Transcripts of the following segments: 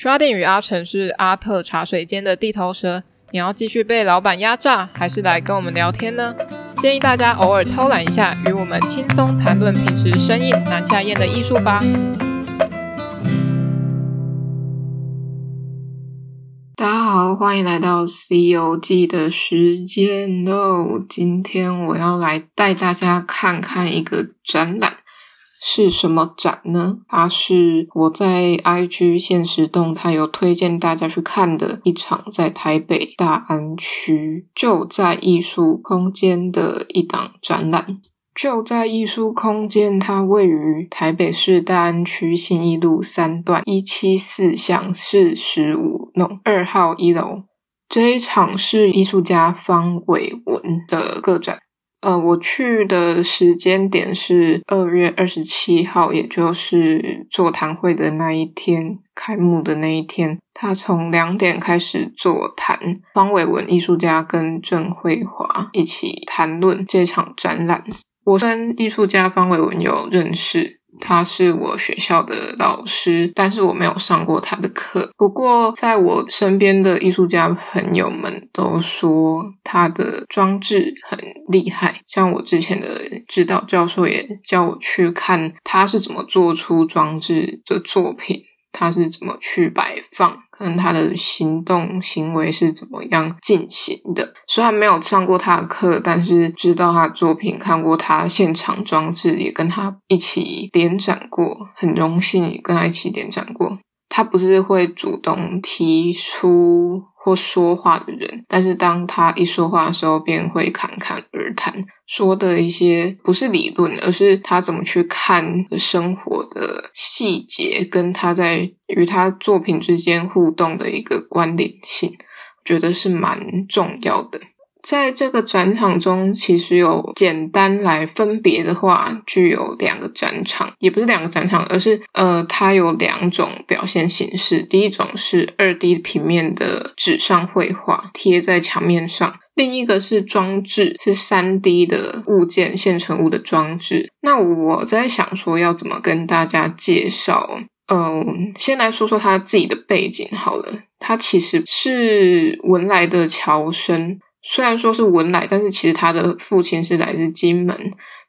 刷店與阿成是阿特茶水間的地頭蛇，你要繼續被老板壓榨，還是來跟我們聊天呢？建議大家偶爾偷懶一下，與我們輕鬆談論平時生硬難下咽的藝術吧。大家好，歡迎來到《C 遊記》的時間嘍！今天我要來帶大家看看一個展覽。是什麼展呢？它是我在 IG 限時動態有推薦大家去看的一場，在台北大安區就在藝術空間的一檔展覽。就在藝術空間，它位於台北市大安區信義路三段一七四巷四十五弄二號一樓。這一場是藝術家方偉文的個展。呃，我去的時間點是二月二十七號，也就是座談會的那一天，開幕的那一天。他從兩點開始座談，方偉文藝術家跟鄭慧華一起談論這場展覽。我跟藝術家方偉文有認識。他是我學校的老師，但是我沒有上過他的課。不過，在我身邊的藝術家朋友們都說他的裝置很厲害。像我之前的指導教授也叫我去看他是怎麼做出裝置的作品，他是怎麼去擺放。看他的行動行為是怎麼樣進行的，雖然沒有上過他的課，但是知道他的作品，看過他現場裝置，也跟他一起聯展過，很榮幸也跟他一起聯展過。他不是會主動提出或說話的人，但是當他一說話的時候，便會侃侃而談，說的一些不是理論，而是他怎麼去看生活的細節，跟他在與他作品之間互動的一個關聯性，我覺得是蠻重要的。在這個展場中，其實有簡單來分別的話，具有兩個展場，也不是兩個展場，而是呃，它有兩種表現形式。第一種是二 D 平面的紙上繪畫，貼在牆面上；另一個是裝置，是三 D 的物件、現成物的裝置。那我在想說，要怎麼跟大家介紹？嗯、呃，先來說說他自己的背景好了。他其實是文萊的僑生。雖然說是文萊，但是其實他的父親是來自金門，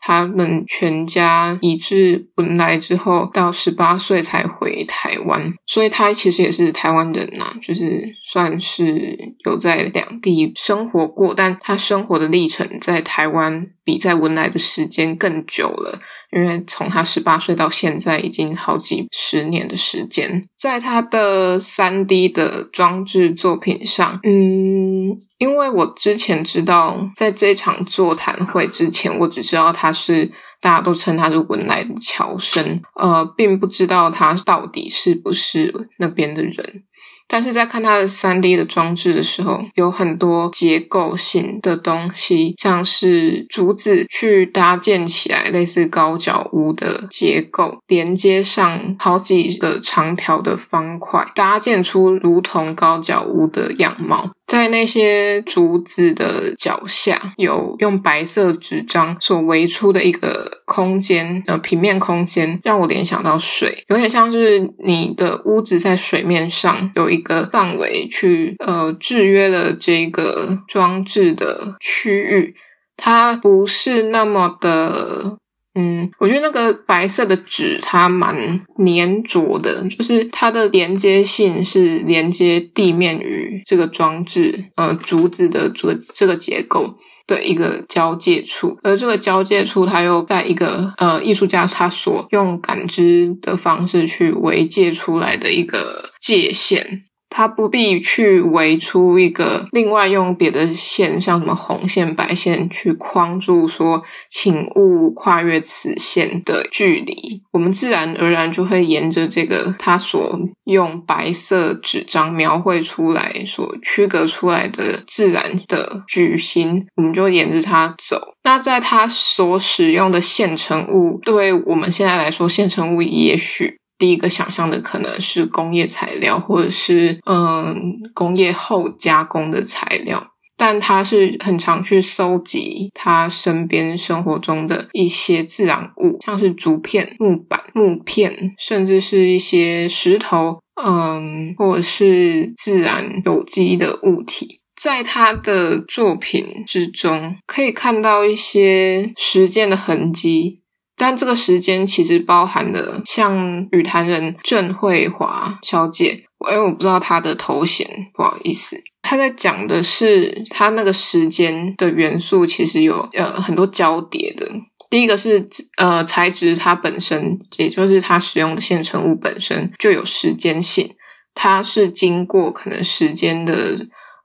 他們全家移至文萊之後，到十八歲才回台灣，所以他其實也是台灣人吶、啊，就是算是有在兩地生活過，但他生活的歷程在台灣比在文萊的時間更久了，因為從他十八歲到現在已經好幾十年的時間，在他的 3D 的裝置作品上，嗯。因為我之前知道，在這場座談會之前，我只知道他是大家都稱他是文萊的喬生，呃，並不知道他到底是不是那邊的人。但是在看他的三 D 的裝置的時候，有很多結構性的東西，像是竹子去搭建起來，類似高腳屋的結構，連接上好幾個長條的方塊，搭建出如同高腳屋的樣貌。在那些竹子的腳下，有用白色紙張所圍出的一個空間，呃，平面空間，讓我聯想到水，有點像是你的屋子在水面上有一個範圍去，呃，制約了這個裝置的區域，它不是那麼的。嗯，我覺得那個白色的紙它蠻粘着的，就是它的連接性是連接地面與這個裝置，呃，竹子的這個、這個結構的一個交界處，而這個交界處，它又在一個呃藝術家他所用感知的方式去圍界出來的一個界限。他不必去圍出一個，另外用別的線，像什麼紅線、白線，去框住說“請勿跨越此線”的距離。我們自然而然就會沿着這個他所用白色紙張描繪出來、所區隔出來的自然的矩形，我們就沿着它走。那在它所使用的現成物，對我們現在來說，現成物也許。第一個想象的可能是工業材料，或者是嗯工業後加工的材料，但他是很常去搜集他身邊生活中的一些自然物，像是竹片、木板、木片，甚至是一些石頭，嗯，或者是自然有機的物體，在他的作品之中可以看到一些實踐的痕跡。但這個時間其實包含了像雨壇人鄭慧華小姐，因為我不知道她的頭銜，不好意思。她在講的是她那個時間的元素，其實有呃很多交疊的。第一個是呃材質，它本身也就是它使用的現成物本身就有時間性，它是經過可能時間的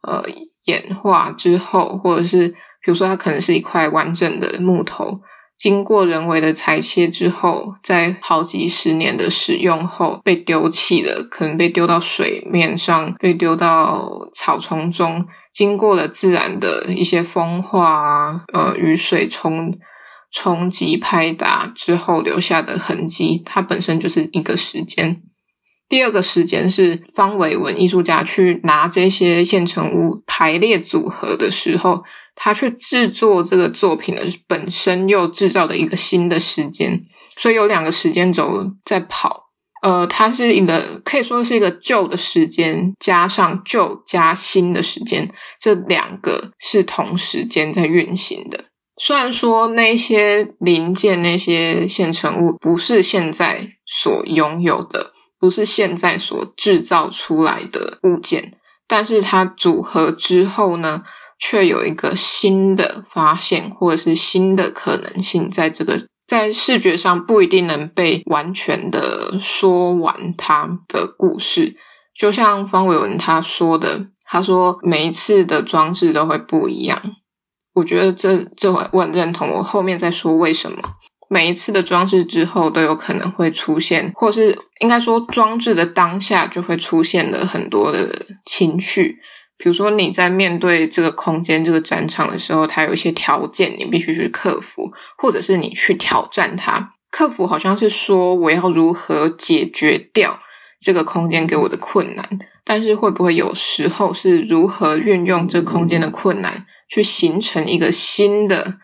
呃演化之後，或者是比如說它可能是一塊完整的木頭。經過人為的裁切之後，在好幾十年的使用後被丟棄了，可能被丟到水面上，被丟到草叢中，經過了自然的一些風化啊，呃，雨水沖沖擊拍打之後留下的痕跡，它本身就是一個時間。第二個時間是方偉文藝術家去拿這些現成物排列組合的時候，他去制作這個作品的本身又製造的一個新的時間，所以有兩個時間軸在跑。呃，它是一個可以說是一個舊的時間加上舊加新的時間，這兩個是同時間在運行的。雖然說那些零件，那些現成物不是現在所擁有的。不是現在所製造出來的物件，但是它組合之後呢，卻有一個新的發現，或者是新的可能性，在這個在視覺上不一定能被完全的說完它的故事。就像方偉文他說的，他說每一次的裝置都會不一樣。我覺得這這我我很認同，我後面再說為什麼。每一次的裝置之後，都有可能會出現，或者是應該說裝置的當下就會出現了很多的情緒。比如說你在面對這個空間、這個展場的時候，它有一些條件你必須去克服，或者是你去挑戰它。克服好像是說我要如何解決掉這個空間給我的困難，但是會不會有時候是如何運用這空間的困難去形成一個新的？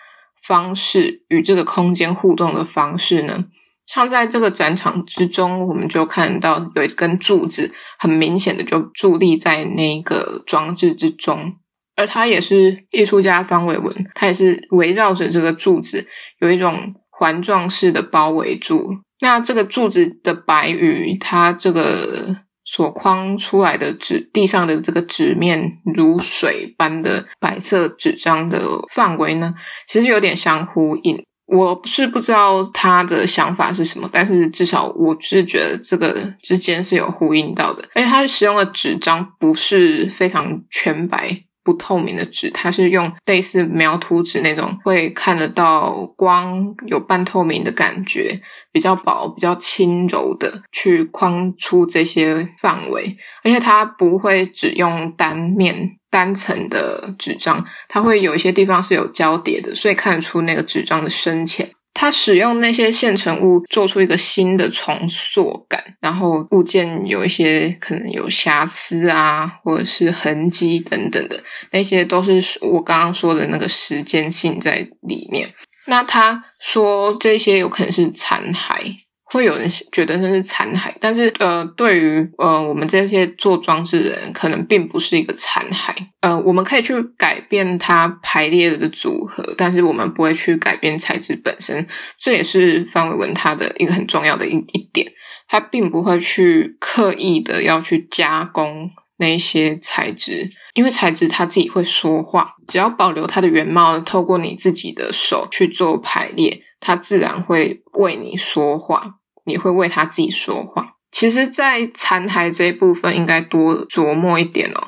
方式與這個空間互動的方式呢？像在這個展場之中，我們就看到有一根柱子，很明顯的就佇立在那個裝置之中，而它也是藝術家方偉文，它也是圍繞着這個柱子有一種環狀式的包圍住。那這個柱子的白與它這個。所框出來的紙，地上的這個紙面如水般的白色紙張的範圍呢，其實有點相呼應。我不是不知道他的想法是什麼，但是至少我是覺得這個之間是有呼應到的。而且他使用的紙張不是非常全白。不透明的紙，它是用類似描圖紙那種，會看得到光，有半透明的感覺，比較薄，比較輕柔的去框出這些範圍，而且它不會只用單面單層的紙張，它會有一些地方是有交疊的，所以看得出那個紙張的深淺。他使用那些現成物做出一個新的重塑感，然後物件有一些可能有瑕疵啊，或者是痕跡等等的，那些都是我剛剛說的那個時間性在裡面。那他說這些有可能是殘骸。會有人覺得那是殘骸，但是呃，對於呃我們這些做裝置的人，可能並不是一個殘骸。呃，我們可以去改變它排列的組合，但是我們不會去改變材質本身。這也是方偉文他的一個很重要的一一點，他並不會去刻意的要去加工那些材質，因為材質他自己會說話。只要保留它的原貌，透過你自己的手去做排列，它自然會為你說話。也會為他自己說話。其實，在殘骸這一部分，應該多琢磨一點哦，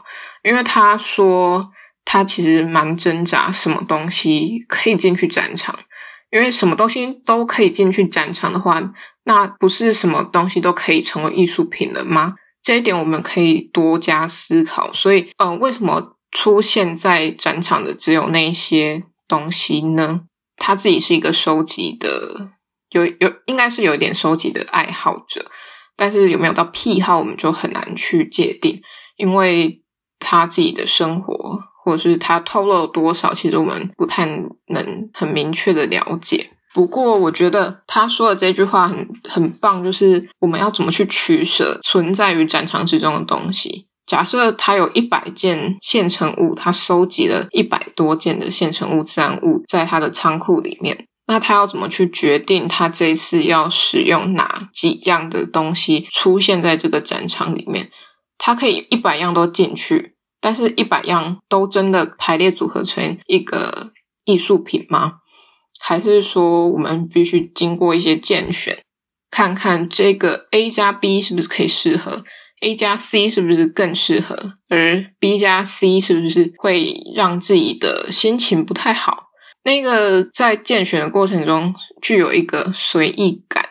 因為他說他其實蠻掙扎，什麼東西可以進去展場？因為什麼東西都可以進去展場的話，那不是什麼東西都可以成為藝術品了嗎？這一點我們可以多加思考。所以，嗯、呃，為什麼出現在展場的只有那些東西呢？他自己是一個收集的。有有應該是有一點收集的愛好者，但是有沒有到癖好，我們就很難去界定，因為他自己的生活或者是他透露了多少，其實我們不太能很明確的了解。不過我覺得他說的這句話很很棒，就是我們要怎麼去取捨存在於展場之中的東西。假設他有一百件現成物，他收集了一百多件的現成物自然物，在他的倉庫裡面。那他要怎麼去決定他這次要使用哪幾樣的東西出現在這個展場裡面？他可以一百樣都進去，但是一百樣都真的排列組合成一個藝術品嗎？還是說我們必須經過一些揀選，看看這個 A 加 B 是不是可以適合，A 加 C 是不是更適合，而 B 加 C 是不是會讓自己的心情不太好？那個在揀選的過程中，具有一個隨意感，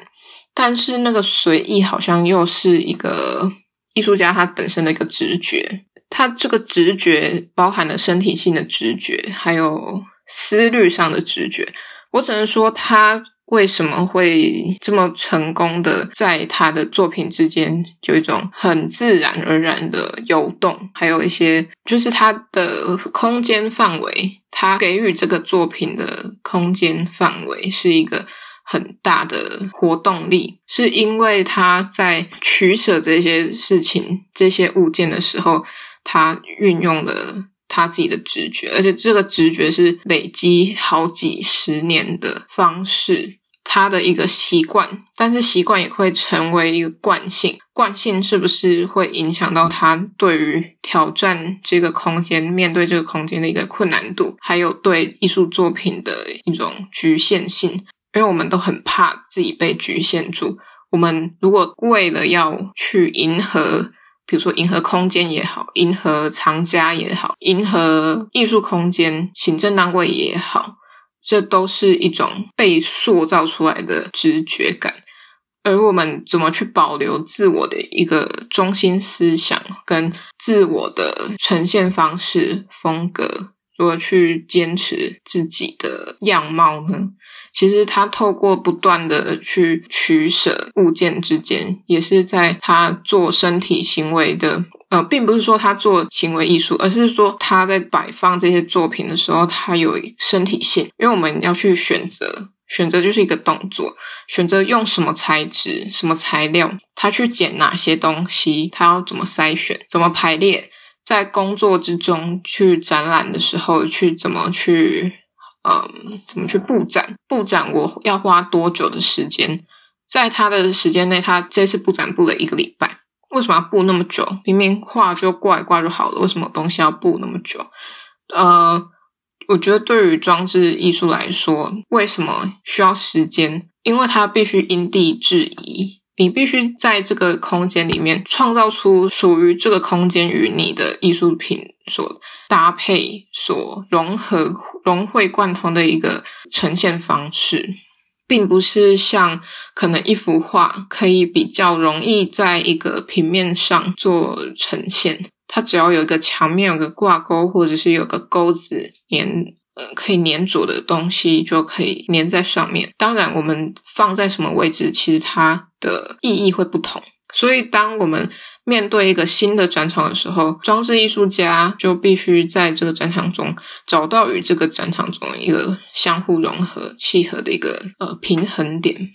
但是那個隨意好像又是一個藝術家他本身的一個直覺，他這個直覺包含了身體性的直覺，還有思慮上的直覺。我只能說他。為什麼會這麼成功的，在他的作品之間有一種很自然而然的游動，還有一些就是他的空間範圍，他給予這個作品的空間範圍是一個很大的活動力，是因為他在取捨這些事情、這些物件的時候，他運用了他自己的直覺，而且這個直覺是累積好幾十年的方式。他的一個習慣，但是習慣也會成為一個慣性，慣性是不是會影響到他對於挑戰這個空間、面對這個空間的一個困難度，還有對藝術作品的一種局限性？因為我們都很怕自己被局限住。我們如果為了要去迎合，比如說迎合空間也好，迎合藏家也好，迎合藝術空間行政單位也好，這都是一種被塑造出來的直覺感，而我們怎麼去保留自我的一個中心思想跟自我的呈現方式、風格？如何去堅持自己的樣貌呢？其實他透過不斷的去取捨物件之間，也是在他做身體行為的。呃，並不是說他做行為藝術，而是說他在擺放這些作品的時候，他有身體性。因為我們要去選擇，選擇就是一個動作，選擇用什麼材質、什麼材料，他去撿哪些東西，他要怎麼篩選、怎麼排列，在工作之中去展覽的時候，去怎麼去。嗯，怎麼去佈展？佈展我要花多久的時間？在他的時間內，他這次佈展布了一個禮拜。為什麼要布那麼久？明明畫就掛一掛就好了，為什麼東西要布那麼久？呃、嗯，我覺得對於裝置藝術來說，為什麼需要時間？因為它必須因地制宜，你必須在這個空間裡面創造出屬於這個空間與你的藝術品所搭配、所融合。融會貫通的一個呈現方式，並不是像可能一幅畫可以比較容易在一個平面上做呈現，它只要有一個牆面，有個掛鈎，或者是有個鈎子粘，呃，可以粘住的東西就可以粘在上面。當然，我們放在什麼位置，其實它的意義會不同。所以，當我們。面對一個新的展場的時候，裝置藝術家就必須在這個展場中找到與這個展場中一個相互融合、契合的一個呃平衡點。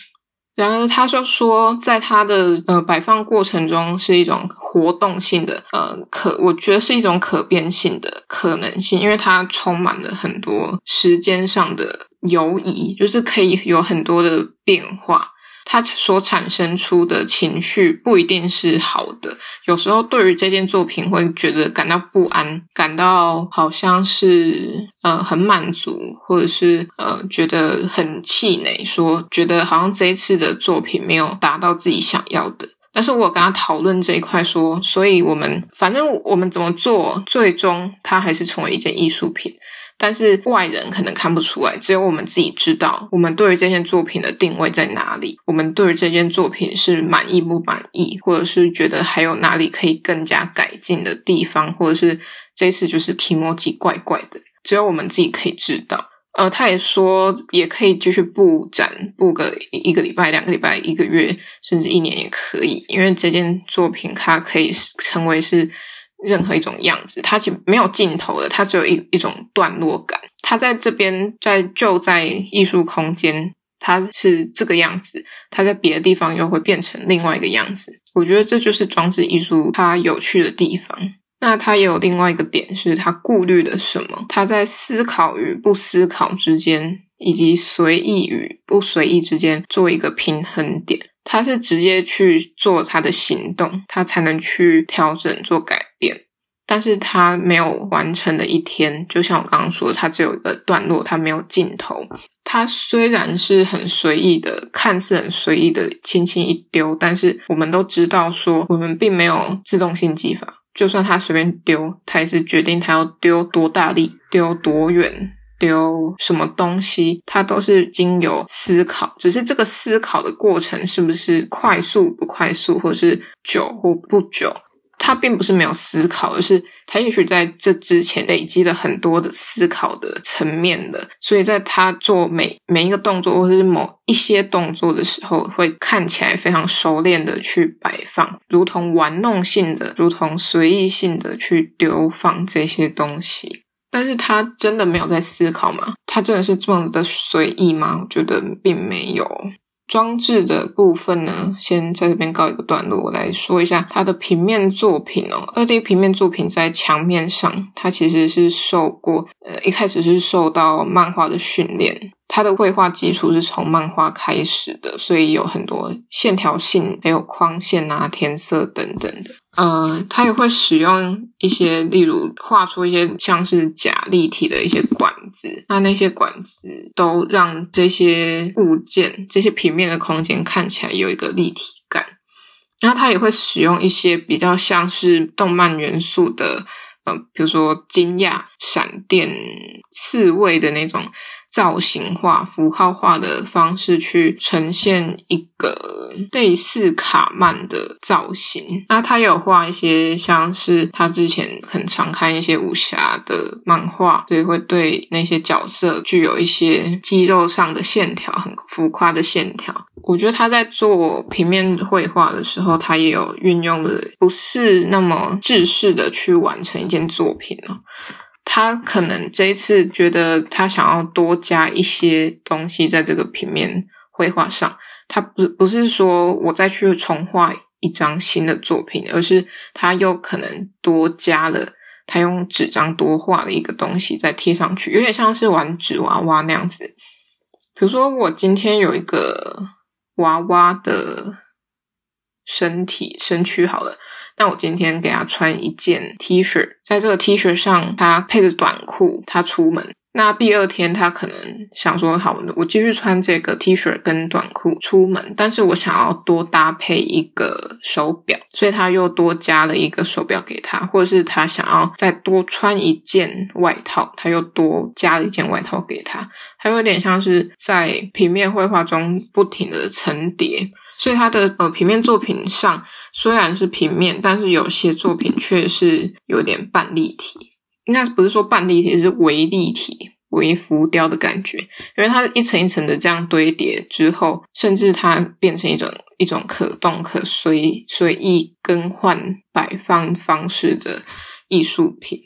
然後，他就說，在他的呃擺放過程中是一種活動性的呃可，我覺得是一種可變性的可能性，因為它充滿了很多時間上的游移，就是可以有很多的變化。他所產生出的情緒不一定是好的，有時候對於這件作品會覺得感到不安，感到好像是呃很滿足，或者是呃覺得很氣餒，說覺得好像這一次的作品沒有達到自己想要的。但是我跟他討論這一塊，說，所以我們反正我們怎麼做，最終它還是成為一件藝術品。但是外人可能看不出來，只有我們自己知道，我們對於這件作品的定位在哪裡，我們對於這件作品是滿意不滿意，或者是覺得還有哪裡可以更加改進的地方，或者是這次就是奇妙奇怪怪的，只有我們自己可以知道。呃，他也說也可以繼續布展，布個一個禮拜、兩個禮拜、一個月，甚至一年也可以，因為這件作品它可以成為是任何一種樣子，它其實沒有盡頭的，它只有一一種段落感。它在這邊，在就在藝術空間，它是這個樣子，它在別的地方又會變成另外一個樣子。我覺得這就是裝置藝術它有趣的地方。那他也有另外一個點是他顧慮了什麼？他在思考與不思考之間，以及隨意與不隨意之間做一個平衡點。他是直接去做他的行動，他才能去調整、做改變。但是他沒有完成的一天，就像我剛剛說的，他只有一個段落，他沒有盡頭。他雖然是很隨意的，看似很隨意的輕輕一丟，但是我們都知道說，說我們並沒有自動性技法。就算他隨便丟，他也是決定他要丟多大力，丟多遠，丟什麼東西，他都是經由思考。只是這個思考的過程是不是快速不快速，或是久或不久。他並不是沒有思考，而是他也許在這之前累積了很多的思考的層面的，所以在他做每每一個動作或者是某一些動作的時候，會看起來非常熟練的去擺放，如同玩弄性的，如同隨意性的去丟放這些東西。但是他真的沒有在思考嗎？他真的是這麼的隨意嗎？我覺得並沒有。裝置的部分呢，先在這邊告一個段落。我來說一下他的平面作品哦、喔，2D 平面作品在牆面上，它其實是受過呃，一開始是受到漫畫的訓練，他的繪畫基礎是從漫畫開始的，所以有很多線條性，還有框線啊、填色等等的。呃，他也會使用一些，例如畫出一些像是假立體的一些。那那些管子，都讓這些物件、這些平面的空間看起來有一個立體感，然後他也會使用一些比較像是動漫元素的，嗯、呃，比如說驚訝、閃電、刺蝟的那種。造型化、符號化的方式去呈現一個類似卡漫的造型。那他也有畫一些像是他之前很常看一些武俠的漫畫，所以會對那些角色具有一些肌肉上的線條，很浮誇的線條。我覺得他在做平面繪畫的時候，他也有運用的不是那麼制式的去完成一件作品哦。他可能這一次覺得他想要多加一些東西在這個平面繪畫上，他不是，不是說我再去重畫一張新的作品，而是他又可能多加了他用紙張多畫的一個東西再貼上去，有點像是玩紙娃娃那樣子。比如說，我今天有一個娃娃的身體身軀，好了。那我今天給他穿一件 T 恤，在這個 T 恤上，他配着短褲，他出門。那第二天，他可能想說：“好，我繼續穿這個 T 恤跟短褲出門。”，但是我想要多搭配一個手表，所以他又多加了一個手表給他。或者是他想要再多穿一件外套，他又多加了一件外套給他。還有點像是在平面繪畫中不停地層疊。所以他的呃平面作品上雖然是平面，但是有些作品卻是有點半立體，應該不是說半立體，是微立體、微浮雕的感覺，因為它一層一層的這樣堆疊之後，甚至它變成一種一種可動可、可隨隨意更換擺放方式的藝術品。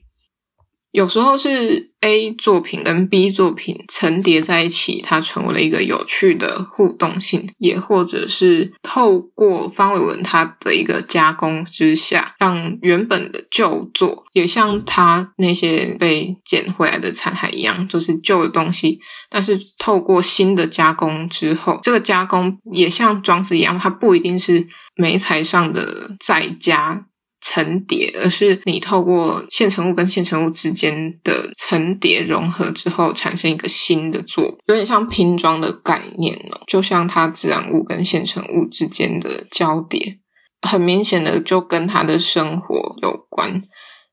有時候是 A 作品跟 B 作品層疊在一起，它成為了一個有趣的互動性，也或者是透過方偉文他的一個加工之下，讓原本的舊作也像他那些被撿回來的殘骸一樣，就是舊的東西，但是透過新的加工之後，這個加工也像裝置一樣，它不一定是媒材上的再加，層疊，而是你透過現成物跟現成物之間的層疊融合之後，產生一個新的作品，有點像拼裝的概念呢、哦。就像它自然物跟現成物之間的交疊，很明顯的就跟他的生活有關。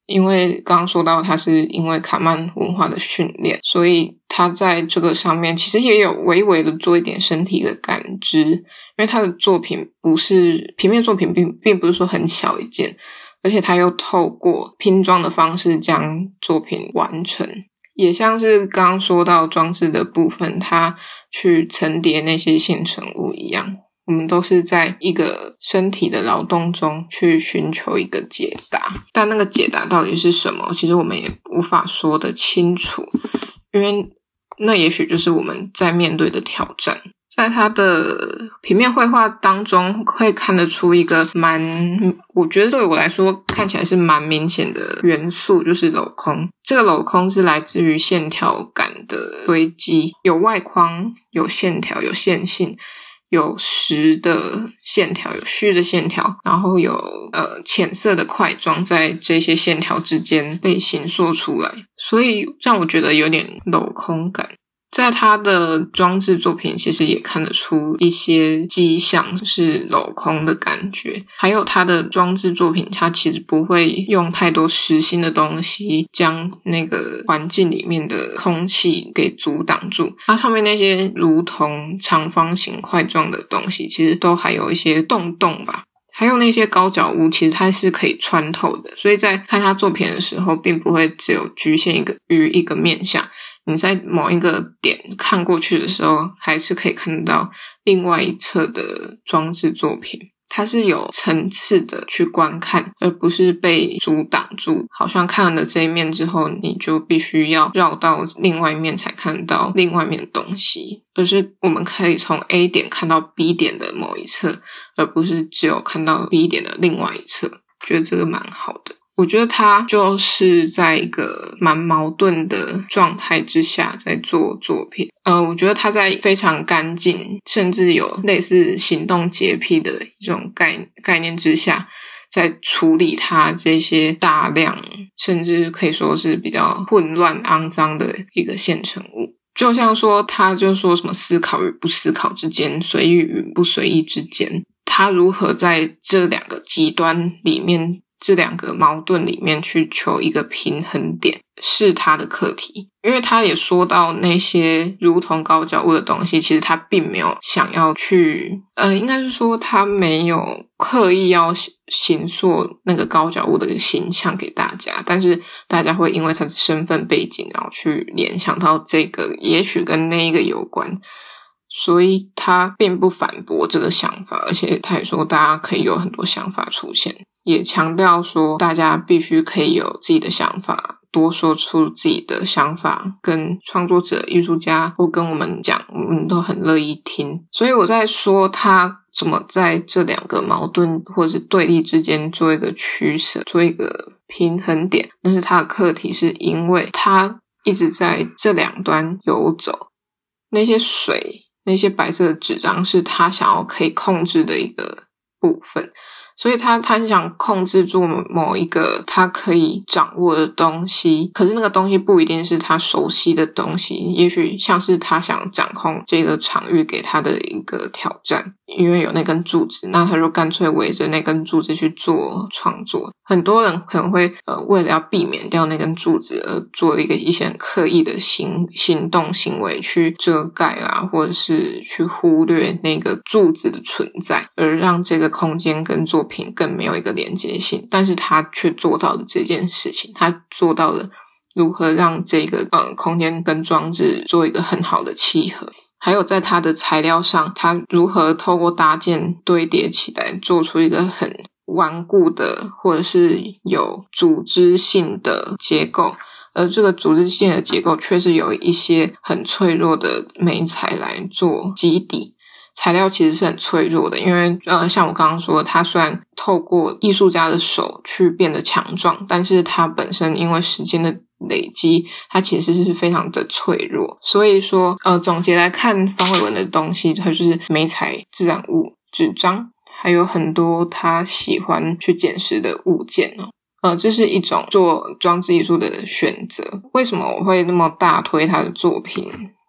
因為剛剛說到他是因為卡曼文化的訓練，所以他在這個上面其實也有微微的做一點身體的感知。因為他的作品不是平面作品並，並並不是說很小一件，而且他又透過拼裝的方式將作品完成，也像是剛剛說到裝置的部分，他去層疊那些現成物一樣。我們都是在一個身體的勞動中去尋求一個解答，但那個解答到底是什麼？其實我們也無法說得清楚，因為那也許就是我們在面對的挑戰。在它的平面繪畫當中，會看得出一個蠻，我覺得對我來說看起來是蠻明顯的元素，就是鏤空。這個鏤空是來自於線條感的堆積，有外框，有線條，有線性。有實的線條，有虛的線條，然後有呃淺色的塊狀在這些線條之間被形塑出來，所以讓我覺得有點鏤空感。在他的裝置作品，其實也看得出一些跡象，是鏤空的感覺。還有他的裝置作品，他其實不會用太多實心的東西將那個環境裡面的空氣給阻擋住。它上面那些如同長方形塊狀的東西，其實都還有一些洞洞吧。還有那些高腳屋，其實它是可以穿透的。所以在看他作品的時候，並不會只有局限一個於一個面向。你在某一個點看過去的時候，還是可以看到另外一側的裝置作品，它是有層次的去觀看，而不是被阻擋住。好像看了這一面之後，你就必須要繞到另外一面才看到另外面的東西，而、就是我們可以從 A 點看到 B 點的某一側，而不是只有看到 B 點的另外一側。覺得這個蠻好的。我覺得他就是在一個蠻矛盾的狀態之下在做作品。呃，我覺得他在非常乾淨，甚至有類似行動潔癖的一種概概念之下，在處理他這些大量，甚至可以說是比較混亂、骯髒的一個現成物。就像說，他就說什麼思考與不思考之間，隨意與不隨意之間，他如何在這兩個極端裡面，這兩個矛盾裡面去求一個平衡點，是他的課題。因為他也說到那些如同高腳屋的東西，其實他並沒有想要去，呃，應該是說他沒有刻意要形塑那個高腳屋的形象給大家。但是大家會因為他的身份背景，然後去聯想到這個，也許跟那一個有關。所以他並不反駁這個想法，而且他也說大家可以有很多想法出現。也強調說，大家必須可以有自己的想法，多說出自己的想法，跟創作者、藝術家或跟我們講，我們都很樂意聽。所以我在說他怎麼在這兩個矛盾或者是對立之間做一個取捨，做一個平衡點。但是他的課題是因為他一直在這兩端游走，那些水，那些白色的紙張是他想要可以控制的一個部分。所以他他是想控制住某一個他可以掌握的東西，可是那個東西不一定是他熟悉的東西，也許像是他想掌控這個場域給他的一個挑戰。因為有那根柱子，那他就乾脆圍着那根柱子去做創作。很多人可能會呃，為了要避免掉那根柱子，而做一個一些很刻意的行行動行為去遮蓋啊，或者是去忽略那個柱子的存在，而讓這個空間跟作品更沒有一個連接性。但是他卻做到了這件事情，他做到了如何讓這個呃空間跟裝置做一個很好的契合。還有，在它的材料上，它如何透過搭建堆疊起來，做出一個很頑固的，或者是有組織性的結構？而這個組織性的結構，卻是有一些很脆弱的媒材來做基底。材料其實是很脆弱的。因為呃，像我剛剛說，它雖然透過藝術家的手去變得強壯，但是它本身因為時間的。累積，它其實是非常的脆弱。所以說，呃，總結來看，方偉文的東西，它就是媒材、自然物、紙張，還有很多他喜歡去撿拾的物件哦。呃，這是一種做裝置藝術的選擇。為什麼我會那麼大推他的作品？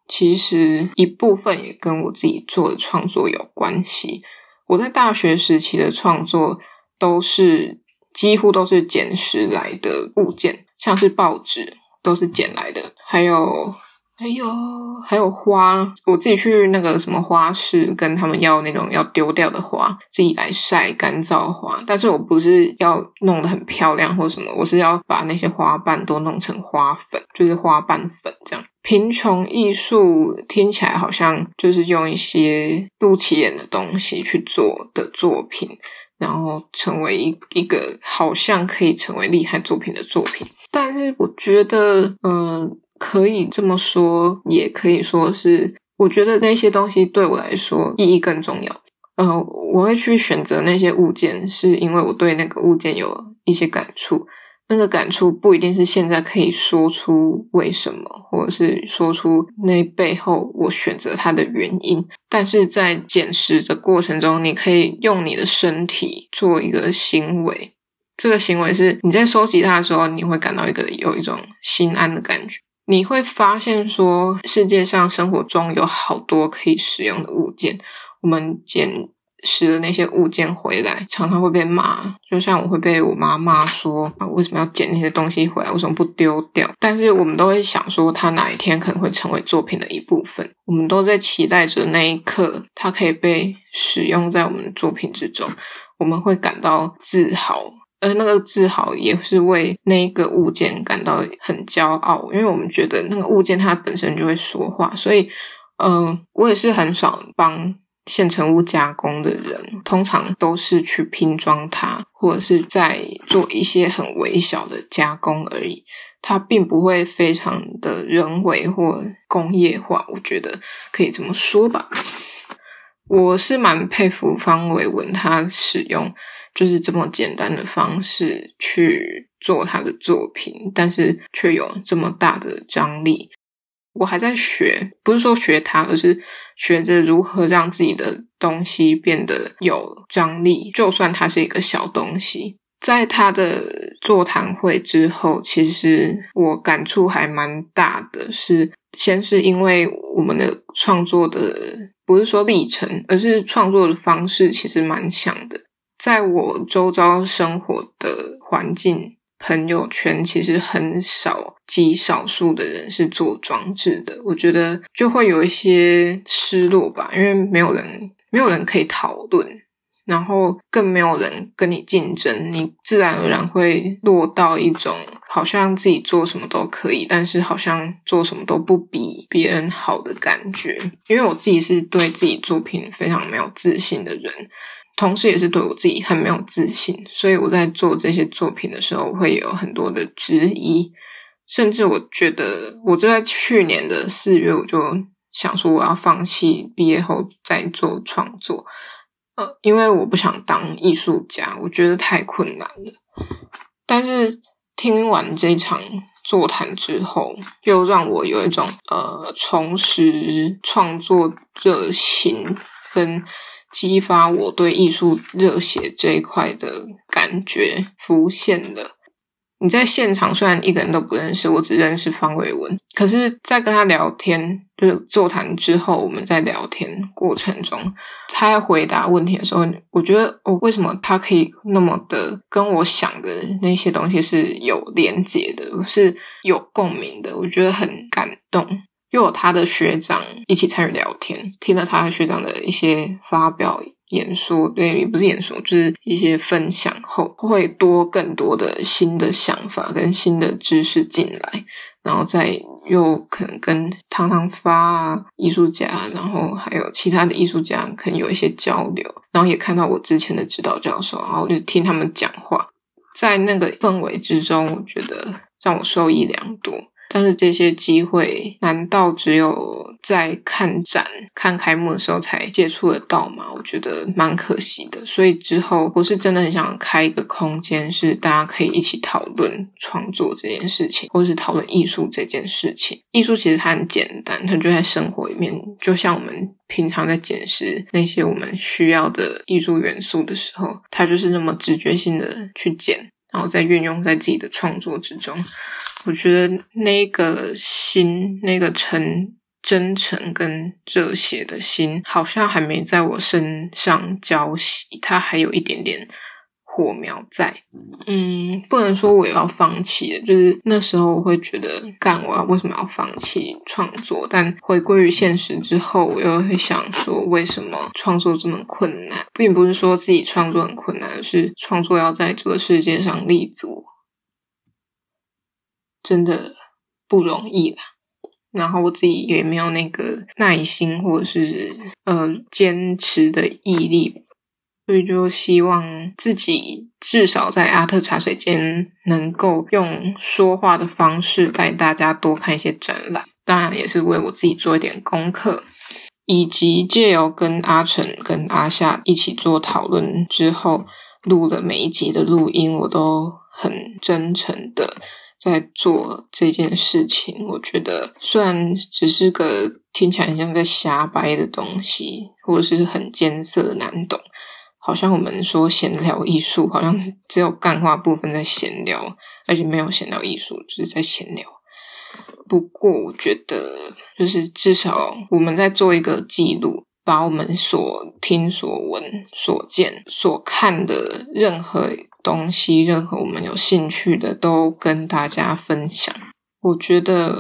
其實一部分也跟我自己做的創作有關係。我在大學時期的創作，都是幾乎都是撿拾來的物件。像是報紙都是撿來的，還有還有還有花，我自己去那個什麼花市跟他們要那種要丟掉的花，自己來曬乾燥花。但是我不是要弄得很漂亮或什麼，我是要把那些花瓣都弄成花粉，就是花瓣粉這樣。貧窮藝術聽起來好像就是用一些不起眼的東西去做的作品，然後成為一一個好像可以成為厲害作品的作品。但是我覺得，嗯、呃，可以這麼說，也可以說是，我覺得那些東西對我來說意義更重要。呃，我會去選擇那些物件，是因為我對那個物件有一些感觸。那個感觸不一定是現在可以說出為什麼，或者是說出那背後我選擇它的原因。但是在撿拾的過程中，你可以用你的身體做一個行為。這個行為是，你在收集它的時候，你會感到一個有一種心安的感覺。你會發現說，世界上生活中有好多可以使用的物件，我們撿拾的那些物件回來，常常會被罵。就像我會被我媽媽說啊，為什麼要撿那些東西回來？為什麼不丟掉？但是我們都會想說，它哪一天可能會成為作品的一部分。我們都在期待着那一刻，它可以被使用在我們的作品之中，我們會感到自豪。呃，而那個自豪也是為那一個物件感到很驕傲，因為我們覺得那個物件它本身就會說話，所以，嗯，呃，我也是很少幫現成物加工的人，通常都是去拼裝它，或者是在做一些很微小的加工而已，它並不會非常的人為或工業化，我覺得可以這麼說吧。我是蠻佩服方偉文，文他使用，就是這麼簡單的方式去做他的作品，但是卻有這麼大的張力。我還在學，不是說學他，而是學着如何讓自己的東西變得有張力，就算它是一個小東西。在他的座談會之後，其實我感觸還蠻大的是，是先是因為我們的創作的不是說歷程，而是創作的方式，其實蠻像的。在我周遭生活的環境、朋友圈，其實很少極少數的人是做裝置的。我覺得就會有一些失落吧，因為沒有人，沒有人可以討論，然後更沒有人跟你競爭，你自然而然會落到一種好像自己做什麼都可以，但是好像做什麼都不比別人好的感覺。因為我自己是對自己作品非常沒有自信的人。同時，也是對我自己很沒有自信，所以我在做這些作品的時候會有很多的質疑，甚至我覺得，我就在去年的四月，我就想說我要放棄畢業後再做創作，呃，因為我不想當藝術家，我覺得太困難了。但是聽完這場座談之後，又讓我有一種呃，重拾創作熱情跟。激發我對藝術熱血這一塊的感覺浮現了。你在現場雖然一個人都不認識，我只認識方偉文，可是，在跟他聊天，就是座談之後，我們在聊天過程中，他回答問題的時候，我覺得我，哦，為什麼他可以那麼的跟我想的那些東西是有連結的，是有共鳴的，我覺得很感動。又有他的學長一起參與聊天，聽了他學長的一些發表演說，對，也不是演說，就是一些分享後，會多更多的新的想法跟新的知識進來，然後再又可能跟堂堂發、啊、藝術家，然後還有其他的藝術家，可能有一些交流，然後也看到我之前的指導教授，然後就聽他們講話，在那個氛圍之中，我覺得讓我受益良多。但是這些機會難道只有在看展、看開幕的時候才接觸得到嗎？我覺得蠻可惜的。所以之後我是真的很想開一個空間，是大家可以一起討論創作這件事情，或是討論藝術這件事情。藝術其實它很簡單，它就在生活裡面，就像我們平常在撿拾那些我們需要的藝術元素的時候，它就是那麼直覺性的去撿。然後再運用在自己的創作之中，我覺得那個心，那個誠真誠跟熱血的心，好像還沒在我身上澆熄，它還有一點點，火苗在，嗯，不能說我要放棄，就是那時候我會覺得幹，我要為什麼要放棄創作？但回歸於現實之後，我又會想說，為什麼創作這麼困難？並不是說自己創作很困難，是創作要在這個世界上立足，真的不容易啦。然後我自己也沒有那個耐心，或者是呃堅持的毅力。所以就希望自己至少在阿特茶水間能夠用說話的方式帶大家多看一些展覽，當然也是為我自己做一點功課，以及借由跟阿成跟阿夏一起做討論之後錄了每一集的錄音，我都很真誠的在做這件事情。我覺得雖然只是個聽起來像在瞎掰的東西，或者是很艱澀難懂。好像我們說閒聊藝術，好像只有幹話部分在閒聊，而且沒有閒聊藝術，就是在閒聊。不過我覺得，就是至少我們在做一個記錄，把我們所聽、所聞、所見、所看的任何東西，任何我們有興趣的，都跟大家分享。我覺得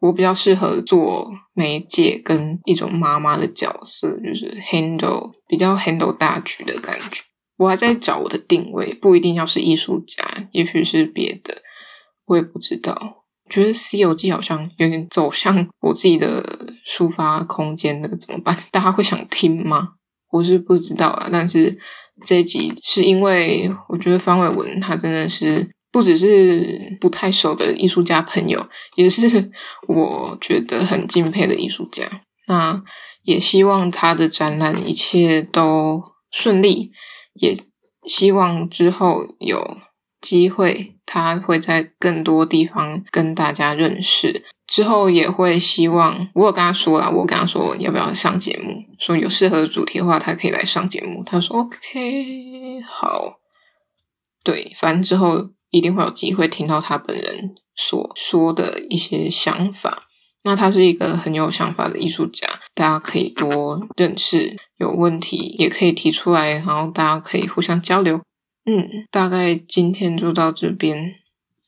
我比較適合做媒介跟一種媽媽的角色，就是 handle 比較 handle 大局的感覺。我還在找我的定位，不一定要是藝術家，也許是別的，我也不知道。覺得《C 遊記》好像有點走向我自己的抒發空間，那個怎麼辦？大家會想聽嗎？我是不知道啊。但是這集是因為我覺得方偉文他真的是。不只是不太熟的藝術家朋友，也是我覺得很敬佩的藝術家。那也希望他的展覽一切都順利，也希望之後有機會，他會在更多地方跟大家認識。之後也會希望，我有跟他說了，我跟他說要不要上節目，說有適合的主題的話，他可以來上節目。他說 OK，好，對，反正之後。一定會有機會聽到他本人所說的一些想法。那他是一個很有想法的藝術家，大家可以多認識，有問題也可以提出來，然後大家可以互相交流。嗯，大概今天就到這邊。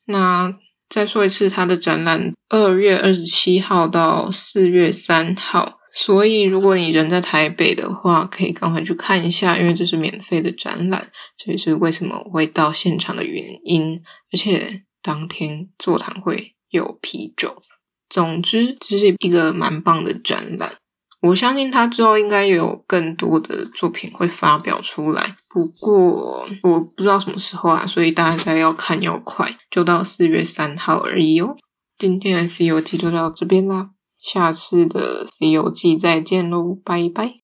那再說一次，他的展覽2月27號到4月3號。所以，如果你人在台北的話，可以趕快去看一下，因為這是免費的展覽，這也是為什麼我會到現場的原因。而且當天座談會有啤酒，總之這是一個蠻棒的展覽。我相信他之後應該有更多的作品會發表出來，不過我不知道什麼時候啊，所以大家要看要快，就到四月三號而已哦。今天的 C 遊記就到這邊啦。下次的《C 遊記》再見嘍，拜拜。